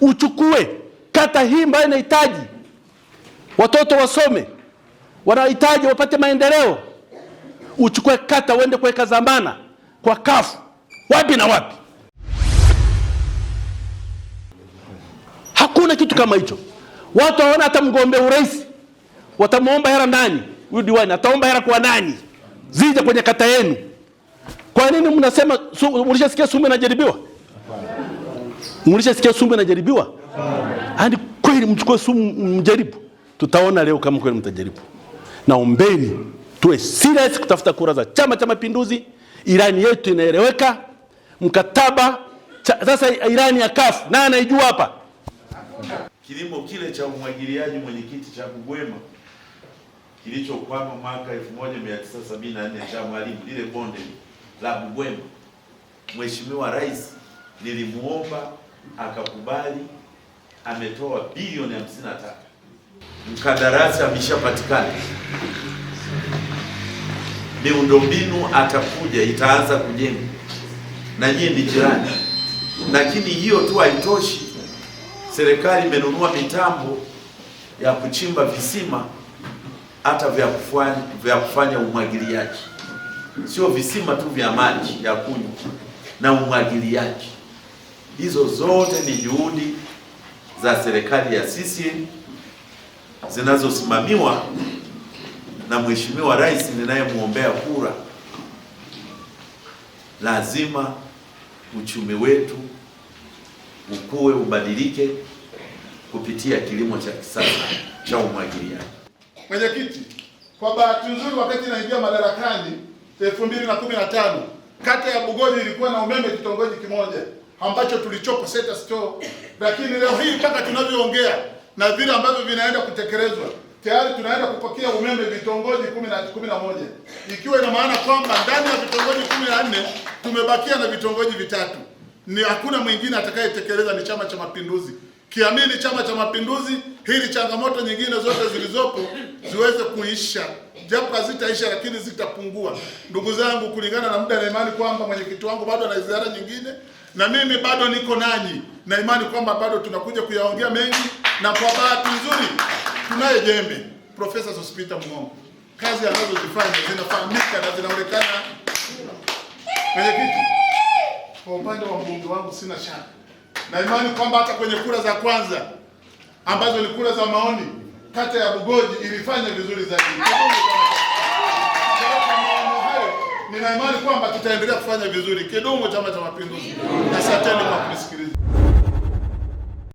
uchukue kata hii ambayo inahitaji watoto wasome, wanahitaji wapate maendeleo, uchukue kata uende kuweka zamana kwa kafu wapi na wapi. Hakuna kitu kama hicho. Watu waona hata mgombea urais watamwomba hela nani? Huyu diwani ataomba hela kwa nani? Zije kwenye kata yenu. Kwa nini mnasema? Mlishasikia sumu inajaribiwa? Mlishasikia sumu inajaribiwa? Hadi yaani, kweli mchukue sumu mjaribu. Tutaona leo kama kweli mtajaribu. Naombeni tuwe serious kutafuta kura za Chama cha Mapinduzi. Irani yetu inaeleweka. Mkataba sasa Irani ya kafu na anaijua hapa. Kilimo kile cha umwagiliaji mwenyekiti cha Bugwema kilichokwama mwaka 1974 cha Mwalimu, lile bonde la Bugwema, Mheshimiwa Rais nilimuomba akakubali, ametoa bilioni tatu Mkandarasi ameshapatikana, miundombinu atakuja, itaanza kujengwa na nyie ni jirani. Lakini hiyo tu haitoshi, serikali imenunua mitambo ya kuchimba visima hata vya kufanya, vya kufanya umwagiliaji, sio visima tu vya maji ya kunywa na umwagiliaji. Hizo zote ni juhudi za serikali ya CCM zinazosimamiwa na Mheshimiwa Rais ninayemwombea kura. Lazima uchumi wetu ukue, ubadilike kupitia kilimo cha kisasa cha umwagiliaji. Mwenyekiti, kwa bahati nzuri, wakati naingia madarakani 2015 kata ya Bugoli ilikuwa na umeme kitongoji kimoja ambacho tulichoko Senta Store, lakini leo hii mpaka tunavyoongea na vile ambavyo vinaenda kutekelezwa tayari tunaenda kupokea umeme vitongoji kumi na moja ikiwa ina maana kwamba ndani ya vitongoji kumi na nne tumebakia na vitongoji vitatu, ni hakuna mwingine atakayetekeleza, ni Chama cha Mapinduzi kiamini Chama cha Mapinduzi hili changamoto nyingine zote zilizopo ziweze kuisha, japo hazitaisha lakini zitapungua. Ndugu zangu, kulingana na muda na imani kwamba mwenyekiti wangu bado ana ziara nyingine, na mimi bado niko nanyi na imani kwamba bado tunakuja kuyaongea mengi, na kwa bahati nzuri tunaye jembe Profesa sospita Mng'ong'o, kazi anazozifanya zinafahamika na zinaonekana. Mwenyekiti, kwa upande wa mbunge wangu sina shaka na imani kwamba hata kwenye kura za kwanza ambazo ni kura za maoni, kata ya Bugoji ilifanya vizuri zaidi. Nina imani kwamba tutaendelea kufanya vizuri. Kidumu Chama cha Mapinduzi! Asanteni kwa kunisikiliza.